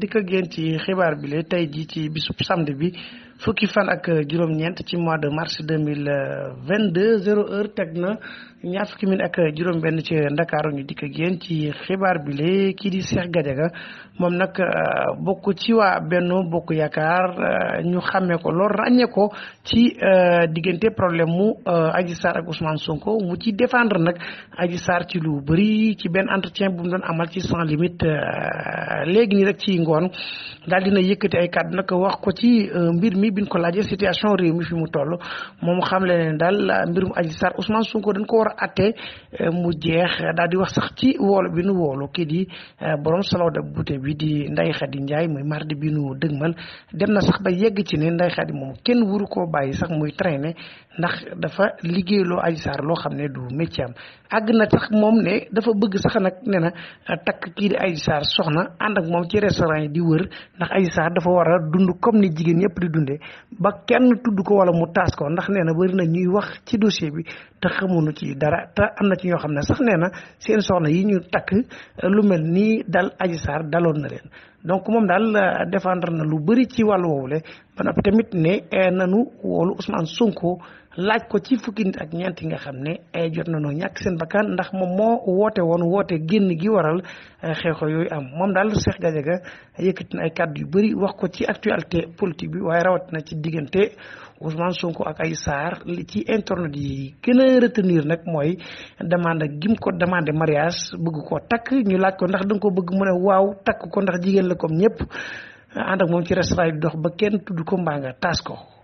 dikk a yéen ci xibaar bi la tey jii ci bisub samedi bi fukki fan ak juróom-ñeent ci mois de mars deux mille vingt deux zéro heure teg na ñaar fukki min ak juróom-benn ci ndakaaru ñu dikk ak ci xibaar bi lee kii di Cheikh Gadiaga moom nag euh, bokk ci waa Benno Bokk Yaakaar euh, ñu xamee ko lool ràññee ko ci euh, diggante problème mu Adji Sarr ak Ousmane Sonko mu ci défendre nag Adji Sarr ci lu bëri ci benn entretien bu mu doon amal ci sans limite léegi nii rek ci ngoon daal dina yëkkati ay kàddu nag wax ko ci mbir mi. bii biñ ko laaja situation réew mi fi mu toll moom xam leen ne daal mbirum Adji Sarr Ousmane Sonko dañ ko war a àtte eh, mu jeex daal di wax sax ci woolu bi nu woolu kii di eh, borom salaw de buté bi di Ndeye Khady Ndiaye muy mardi bi nu dëgmal dem na sax ba yegg ci ne Ndeye Khady moom kenn wuru koo bàyyi sax muy traîner ndax dafa liggéeyloo Adji Sarr loo xam ne du métier am àgg na sax moom ne dafa bëgg sax nag ne na eh, takk kii di Adji Sarr soxna ànd ak moom ci restaurant yi di ndax Adji Sarr dafa war a dund comme ni jigéen ñëpp di dundee ba kenn tudd ko wala mu taas ko ndax nee na bëri na ñuy wax ci dossier bi te xamuñu ci dara te am na ci ñoo xam ne sax nee na seen soxna yi ñu takk lu mel nii dal Adji Sarr daloon na leen donc moom daal euh, défendre na lu bëri ci wàllu woowule ba noppi tamit ne eh, nanu woolu Ousmane Sonko laaj ko ci fukki nit ak ñeent yi nga xam ne ay eh, jot nañoo ñàkk seen bakkan ndax moom moo woote woon woote génn gi waral eh, xeexoo yooyu am moom daal seex Gadiaga yëkkati na ay kàddu yu bëri wax ko ci actualité politique bi waaye rawatina ci diggante Ousmane Sonko ak ay saar ci internet yi gën retenir nag mooy demande gim ko demande mariage bëgg koo takk ñu laaj ko ndax da ko bëgg mu la comme ñëpp ànd ak moom ci restaurant yi dox ba kenn tudd ko mbaa taas ko